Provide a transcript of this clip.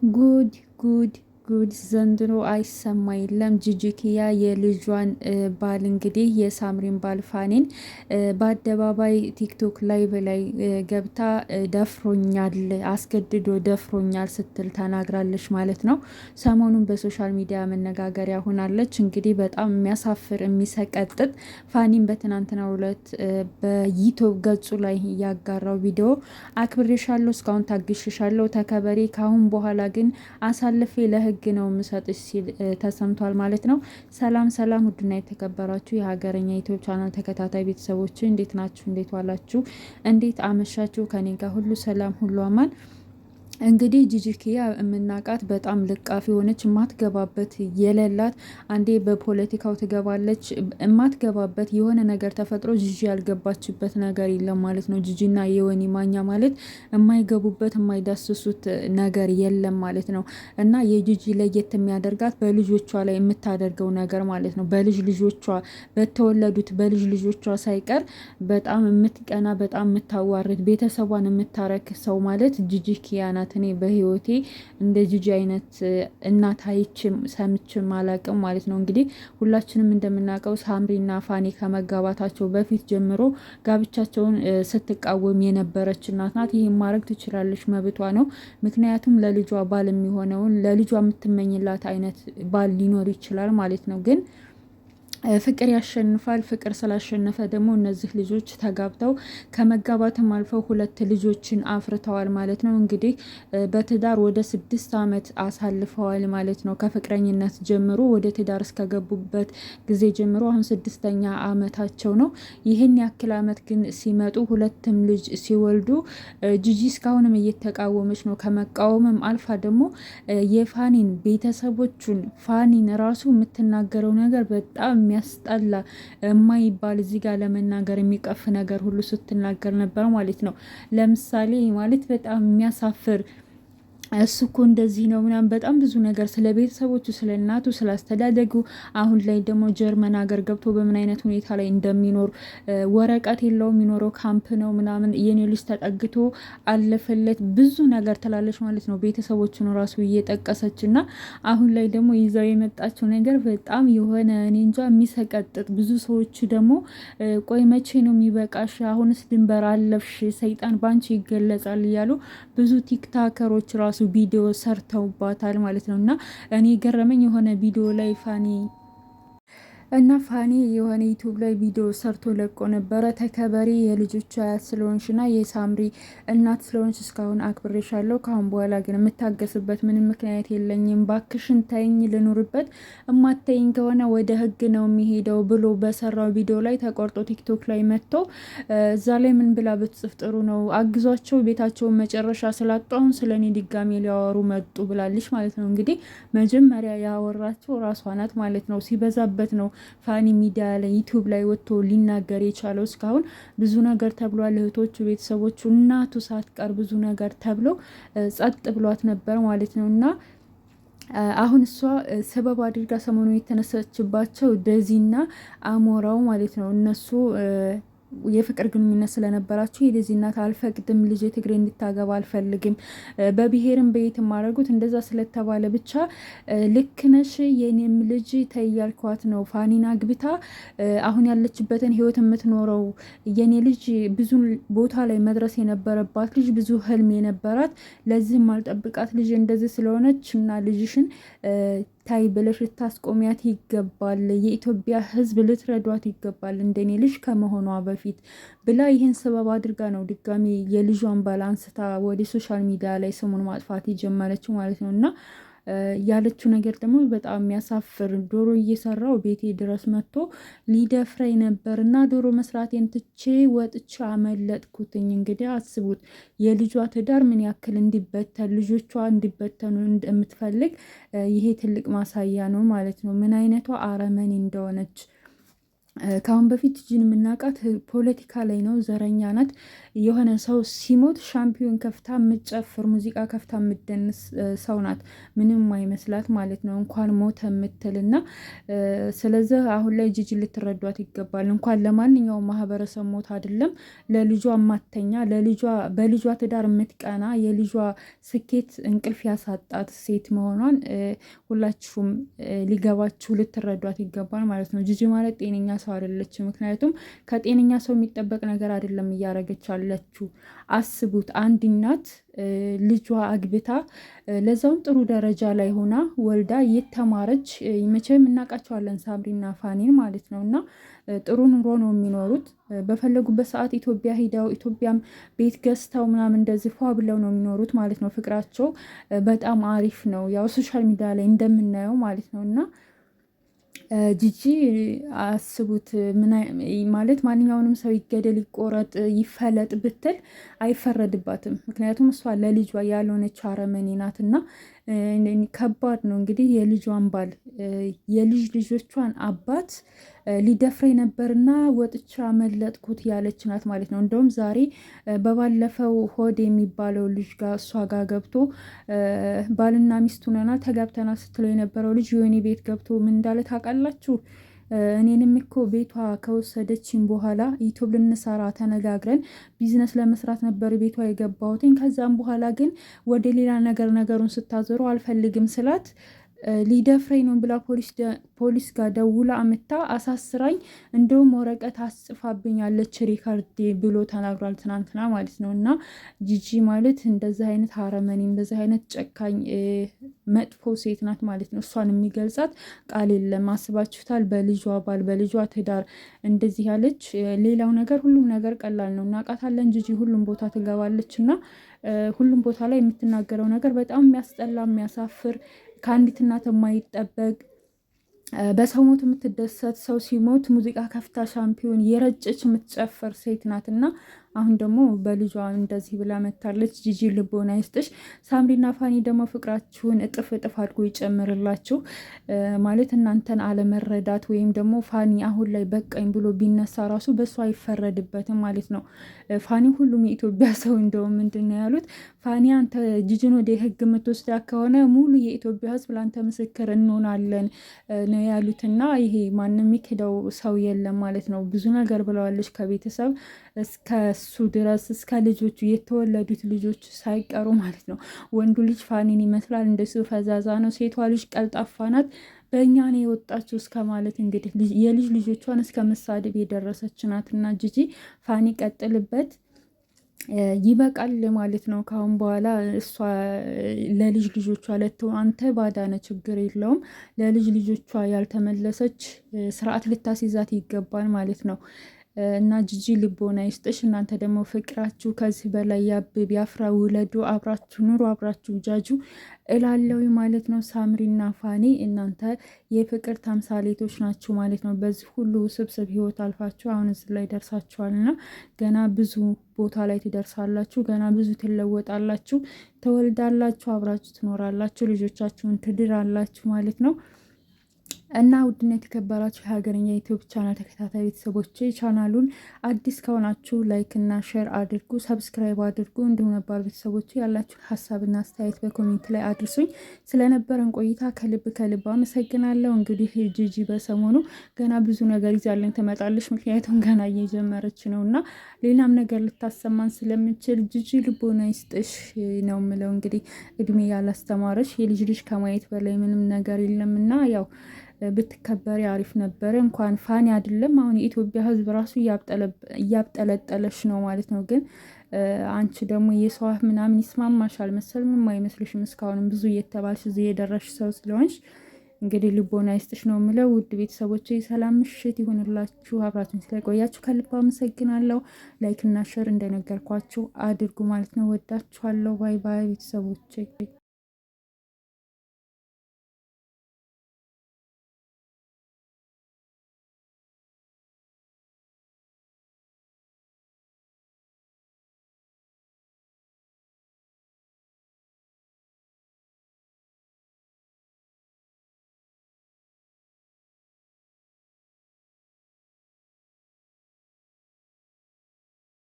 good, good, ጉድ ዘንድሮ አይሰማ የለም። ጂጂኪያ የልጇን ባል እንግዲህ የሳምሪን ባል ፋኒን በአደባባይ ቲክቶክ ላይ በላይ ገብታ ደፍሮኛል፣ አስገድዶ ደፍሮኛል ስትል ተናግራለች ማለት ነው። ሰሞኑን በሶሻል ሚዲያ መነጋገሪያ ሆናለች። እንግዲህ በጣም የሚያሳፍር የሚሰቀጥጥ ፋኒን በትናንትናው ዕለት በዩቲዩብ ገጹ ላይ ያጋራው ቪዲዮ አክብሬሻለሁ፣ እስካሁን ታግሽሻለሁ፣ ተከበሬ ካሁን በኋላ ግን አሳልፌ ለህግ ህግ ነው የምሰጥሽ ሲል ተሰምቷል ማለት ነው። ሰላም ሰላም፣ ውድና የተከበራችሁ የሀገረኛ ዩቲዩብ ቻናል ተከታታይ ቤተሰቦች እንዴት ናችሁ? እንዴት ዋላችሁ? እንዴት አመሻችሁ? ከኔ ጋር ሁሉ ሰላም ሁሉ አማን እንግዲህ ጂጂኪያ የምናቃት በጣም ልቃፊ የሆነች የማትገባበት የሌላት አንዴ በፖለቲካው ትገባለች የማትገባበት የሆነ ነገር ተፈጥሮ ጂጂ ያልገባችበት ነገር የለም ማለት ነው። ጂጂና የወኒ ማኛ ማለት የማይገቡበት የማይዳስሱት ነገር የለም ማለት ነው። እና የጂጂ ለየት የሚያደርጋት በልጆቿ ላይ የምታደርገው ነገር ማለት ነው። በልጅ ልጆቿ በተወለዱት በልጅ ልጆቿ ሳይቀር በጣም የምትቀና በጣም የምታዋርድ ቤተሰቧን የምታረክ ሰው ማለት ጂጂኪያ ናት። እናት እኔ በህይወቴ እንደ ጂጂ አይነት እናት አይችም ሰምችም አላቅም ማለት ነው። እንግዲህ ሁላችንም እንደምናውቀው ሳምሪና ፋኒ ከመጋባታቸው በፊት ጀምሮ ጋብቻቸውን ስትቃወም የነበረች እናት ናት። ይህም ማድረግ ትችላለች፣ መብቷ ነው። ምክንያቱም ለልጇ ባል የሚሆነውን ለልጇ የምትመኝላት አይነት ባል ሊኖር ይችላል ማለት ነው ግን ፍቅር ያሸንፋል። ፍቅር ስላሸነፈ ደግሞ እነዚህ ልጆች ተጋብተው ከመጋባትም አልፈው ሁለት ልጆችን አፍርተዋል ማለት ነው። እንግዲህ በትዳር ወደ ስድስት ዓመት አሳልፈዋል ማለት ነው። ከፍቅረኝነት ጀምሮ ወደ ትዳር እስከገቡበት ጊዜ ጀምሮ አሁን ስድስተኛ ዓመታቸው ነው። ይህን ያክል ዓመት ግን ሲመጡ ሁለትም ልጅ ሲወልዱ ጂጂ እስካሁንም እየተቃወመች ነው። ከመቃወምም አልፋ ደግሞ የፋኒን ቤተሰቦቹን ፋኒን ራሱ የምትናገረው ነገር በጣም የሚያስጠላ የማይባል እዚህ ጋር ለመናገር የሚቀፍ ነገር ሁሉ ስትናገር ነበር ማለት ነው። ለምሳሌ ማለት በጣም የሚያሳፍር እሱ እኮ እንደዚህ ነው ምናምን በጣም ብዙ ነገር ስለ ቤተሰቦቹ፣ ስለ እናቱ፣ ስለ አስተዳደጉ አሁን ላይ ደግሞ ጀርመን ሀገር ገብቶ በምን አይነት ሁኔታ ላይ እንደሚኖር ወረቀት የለው የሚኖረው ካምፕ ነው ምናምን የኔ ልጅ ተጠግቶ አለፈለት ብዙ ነገር ትላለች ማለት ነው። ቤተሰቦቹን ራሱ እየጠቀሰች እና አሁን ላይ ደግሞ ይዛው የመጣቸው ነገር በጣም የሆነ እኔ እንጃ የሚሰቀጥጥ ብዙ ሰዎች ደግሞ ቆይ መቼ ነው የሚበቃሽ? አሁንስ ድንበር አለፍሽ፣ ሰይጣን ባንቺ ይገለጻል እያሉ ብዙ ቲክታከሮች ራሱ ራሱ ቪዲዮ ሰርተውባታል ማለት ነው። እና እኔ ገረመኝ የሆነ ቪዲዮ ላይ ፋኒ እና ፋኒ የሆነ ዩቱብ ላይ ቪዲዮ ሰርቶ ለቆ ነበረ። ተከበሪ የልጆች አያት ስለሆንሽ ና የሳምሪ እናት ስለሆንሽ እስካሁን አክብሬሻለሁ። ካሁን በኋላ ግን የምታገስበት ምንም ምክንያት የለኝም። ባክሽን ታይኝ ልኑርበት፣ እማታይኝ ከሆነ ወደ ህግ ነው የሚሄደው ብሎ በሰራው ቪዲዮ ላይ ተቆርጦ ቲክቶክ ላይ መጥቶ እዛ ላይ ምን ብላ ብትጽፍ ጥሩ ነው አግዟቸው ቤታቸውን መጨረሻ ስላጡ አሁን ስለ እኔ ድጋሜ ሊያወሩ መጡ ብላለች ማለት ነው። እንግዲህ መጀመሪያ ያወራቸው ራሷ ናት ማለት ነው። ሲበዛበት ነው ፋኒ ሚዲያ ላይ ዩቲዩብ ላይ ወጥቶ ሊናገር የቻለው እስካሁን ብዙ ነገር ተብሏል። እህቶቹ፣ ቤተሰቦቹ፣ እናቱ ሳትቀር ብዙ ነገር ተብሎ ጸጥ ብሏት ነበር ማለት ነው እና አሁን እሷ ሰበብ አድርጋ ሰሞኑ የተነሳችባቸው ደዚና አሞራው ማለት ነው እነሱ የፍቅር ግንኙነት ስለነበራችሁ የልዚህ እናት አልፈቅድም፣ ልጅ ትግሬ እንድታገባ አልፈልግም፣ በብሔርም በየት የማደርጉት እንደዛ ስለተባለ ብቻ ልክ ነሽ፣ የኔም ልጅ ተይ ነው። ፋኒና ግብታ አሁን ያለችበትን ህይወት የምትኖረው የኔ ልጅ ብዙ ቦታ ላይ መድረስ የነበረባት ልጅ፣ ብዙ ህልም የነበራት ለዚህም አልጠብቃት ልጅ እንደዚህ ስለሆነች እና ልጅሽን ታይ ብለሽ ልታስቆሚያት ይገባል። የኢትዮጵያ ሕዝብ ልትረዷት ይገባል፣ እንደኔ ልጅ ከመሆኗ በፊት ብላ ይህን ሰበብ አድርጋ ነው ድጋሚ የልጇን ባላንስታ አንስታ ወደ ሶሻል ሚዲያ ላይ ስሙን ማጥፋት የጀመረችው ማለት ነው እና ያለችው ነገር ደግሞ በጣም የሚያሳፍር ዶሮ እየሰራው ቤቴ ድረስ መጥቶ ሊደፍረኝ ነበር እና ዶሮ መስራቴን ትቼ ወጥቼ አመለጥኩትኝ። እንግዲህ አስቡት የልጇ ትዳር ምን ያክል እንዲበተን ልጆቿ እንዲበተኑ እንደምትፈልግ ይሄ ትልቅ ማሳያ ነው ማለት ነው፣ ምን አይነቷ አረመኔ እንደሆነች። ከአሁን በፊት ጂጂን የምናውቃት ፖለቲካ ላይ ነው። ዘረኛ ናት። የሆነ ሰው ሲሞት ሻምፒዮን ከፍታ የምትጨፍር ሙዚቃ ከፍታ የምትደንስ ሰው ናት። ምንም አይመስላት ማለት ነው እንኳን ሞተ የምትል እና ስለዚህ አሁን ላይ ጂጂ ልትረዷት ይገባል። እንኳን ለማንኛውም ማህበረሰብ ሞት አይደለም ለልጇ ማተኛ በልጇ ትዳር የምትቀና የልጇ ስኬት እንቅልፍ ያሳጣት ሴት መሆኗን ሁላችሁም ሊገባችሁ ልትረዷት ይገባል ማለት ነው። ጂጂ ማለት ጤነኛ ሰው ሰው አይደለችም። ምክንያቱም ከጤነኛ ሰው የሚጠበቅ ነገር አይደለም እያደረገች አለችው። አስቡት አንድ እናት ልጇ አግብታ ለዛውም ጥሩ ደረጃ ላይ ሆና ወልዳ የተማረች መቼም እናውቃቸዋለን ሳምሪና ፋኒን ማለት ነው። እና ጥሩ ኑሮ ነው የሚኖሩት በፈለጉበት ሰዓት ኢትዮጵያ ሂደው ኢትዮጵያም ቤት ገዝተው ምናምን እንደዚህ ፏ ብለው ነው የሚኖሩት ማለት ነው። ፍቅራቸው በጣም አሪፍ ነው፣ ያው ሶሻል ሚዲያ ላይ እንደምናየው ማለት ነው እና ጂጂ አስቡት ማለት ማንኛውንም ሰው ይገደል፣ ይቆረጥ፣ ይፈለጥ ብትል አይፈረድባትም። ምክንያቱም እሷ ለልጇ ያልሆነች አረመኔ ናትና ከባድ ነው እንግዲህ የልጇን ባል የልጅ ልጆቿን አባት ሊደፍሬ ነበርና ወጥቻ መለጥኩት ያለች ናት ማለት ነው። እንደውም ዛሬ በባለፈው ሆድ የሚባለው ልጅ ጋር እሷ ጋር ገብቶ ባልና ሚስቱ ነና ተጋብተና ስትለው የነበረው ልጅ የሆነ ቤት ገብቶ ምን እንዳለ ታውቃላችሁ? እኔንም እኮ ቤቷ ከወሰደችን በኋላ ዩቱብ ልንሰራ ተነጋግረን ቢዝነስ ለመስራት ነበር ቤቷ የገባሁትኝ። ከዛም በኋላ ግን ወደ ሌላ ነገር ነገሩን ስታዞረው አልፈልግም ስላት ሊደፍረኝ ነው ብላ ፖሊስ ጋር ደውላ አምታ አሳስራኝ፣ እንደውም ወረቀት አስጽፋብኛለች ሪካርድ ብሎ ተናግሯል። ትናንትና ማለት ነው። እና ጂጂ ማለት እንደዚህ አይነት አረመኔ፣ እንደዚህ አይነት ጨካኝ መጥፎ ሴት ናት ማለት ነው። እሷን የሚገልጻት ቃል የለም። አስባችሁታል? በልጇ ባል፣ በልጇ ትዳር እንደዚህ ያለች። ሌላው ነገር ሁሉም ነገር ቀላል ነው። እናውቃታለን። ጂጂ ሁሉም ቦታ ትገባለች እና ሁሉም ቦታ ላይ የምትናገረው ነገር በጣም የሚያስጠላ የሚያሳፍር ከአንዲት እናት የማይጠበቅ በሰው ሞት የምትደሰት ሰው ሲሞት ሙዚቃ ከፍታ ሻምፒዮን የረጨች የምትጨፍር ሴት ናትና አሁን ደግሞ በልጇ እንደዚህ ብላ መታለች። ጂጂ ልቦና ይስጥሽ። ሳምሪና ፋኒ ደግሞ ፍቅራችሁን እጥፍ እጥፍ አድጎ ይጨምርላችሁ። ማለት እናንተን አለመረዳት ወይም ደግሞ ፋኒ አሁን ላይ በቃኝ ብሎ ቢነሳ ራሱ በሱ አይፈረድበትም ማለት ነው። ፋኒ ሁሉም የኢትዮጵያ ሰው እንደውም ምንድን ነው ያሉት ፋኒ አንተ ጂጂን ወደ ህግ የምትወስዳ ከሆነ ሙሉ የኢትዮጵያ ህዝብ ለአንተ ምስክር እንሆናለን ነው ያሉትና ይሄ ማንም የሚክደው ሰው የለም ማለት ነው። ብዙ ነገር ብለዋለች ከቤተሰብ እስከ እሱ ድረስ እስከ ልጆቹ የተወለዱት ልጆች ሳይቀሩ ማለት ነው። ወንዱ ልጅ ፋኒን ይመስላል፣ እንደሱ ፈዛዛ ነው። ሴቷ ልጅ ቀልጣፋ ናት። በእኛ ነው የወጣችው እስከ ማለት እንግዲህ የልጅ ልጆቿን እስከ መሳደብ የደረሰች ናት። እና ጂጂ ፋኒ ቀጥልበት ይበቃል ማለት ነው። ከአሁን በኋላ እሷ ለልጅ ልጆቿ ለት አንተ ባዳነ ችግር የለውም ለልጅ ልጆቿ ያልተመለሰች ስርዓት ልታስይዛት ይገባል ማለት ነው። እና ጂጂ ልቦና ይስጥሽ። እናንተ ደግሞ ፍቅራችሁ ከዚህ በላይ ያብብ፣ ያፍራ፣ ውለዱ፣ አብራችሁ ኑሩ፣ አብራችሁ ጃጁ እላለሁ ማለት ነው። ሳምሪና ፋኒ እናንተ የፍቅር ተምሳሌቶች ናችሁ ማለት ነው። በዚህ ሁሉ ውስብስብ ህይወት አልፋችሁ አሁን እዚህ ላይ ደርሳችኋልና ገና ብዙ ቦታ ላይ ትደርሳላችሁ፣ ገና ብዙ ትለወጣላችሁ፣ ትወልዳላችሁ፣ አብራችሁ ትኖራላችሁ፣ ልጆቻችሁን ትድራላችሁ ማለት ነው። እና ውድና የተከበራችሁ የሀገርኛ ዩቲዩብ ቻናል ተከታታይ ቤተሰቦች ቻናሉን አዲስ ከሆናችሁ ላይክ እና ሼር አድርጉ፣ ሰብስክራይብ አድርጉ። እንዲሁም ነባር ቤተሰቦች ያላችሁ ሀሳብና አስተያየት በኮሜንት ላይ አድርሱኝ። ስለነበረን ቆይታ ከልብ ከልብ አመሰግናለሁ። እንግዲህ ጂጂ በሰሞኑ ገና ብዙ ነገር ይዛለን ትመጣለች፣ ምክንያቱም ገና እየጀመረች ነው እና ሌላም ነገር ልታሰማን ስለምችል ጂጂ ልቦና ይስጥሽ ነው የምለው። እንግዲህ እድሜ ያላስተማረች የልጅ ልጅ ከማየት በላይ ምንም ነገር የለምና ያው ብትከበሪ አሪፍ ነበረ። እንኳን ፋኒ አይደለም አሁን የኢትዮጵያ ሕዝብ ራሱ እያብጠለጠለሽ ነው ማለት ነው። ግን አንቺ ደግሞ የሰዋ ምናምን ይስማማሻል መሰል ምንም አይመስልሽም። እስካሁንም ብዙ እየተባልሽ እዚህ የደረሽ ሰው ስለሆንሽ እንግዲህ ልቦና ይስጥሽ ነው የምለው። ውድ ቤተሰቦች የሰላም ምሽት ይሁንላችሁ። አብራችሁን ስለቆያችሁ ከልብ አመሰግናለሁ። ላይክ እና ሸር እንደነገርኳችሁ አድርጉ ማለት ነው። ወዳችኋለሁ። ባይ ባይ ቤተሰቦቼ።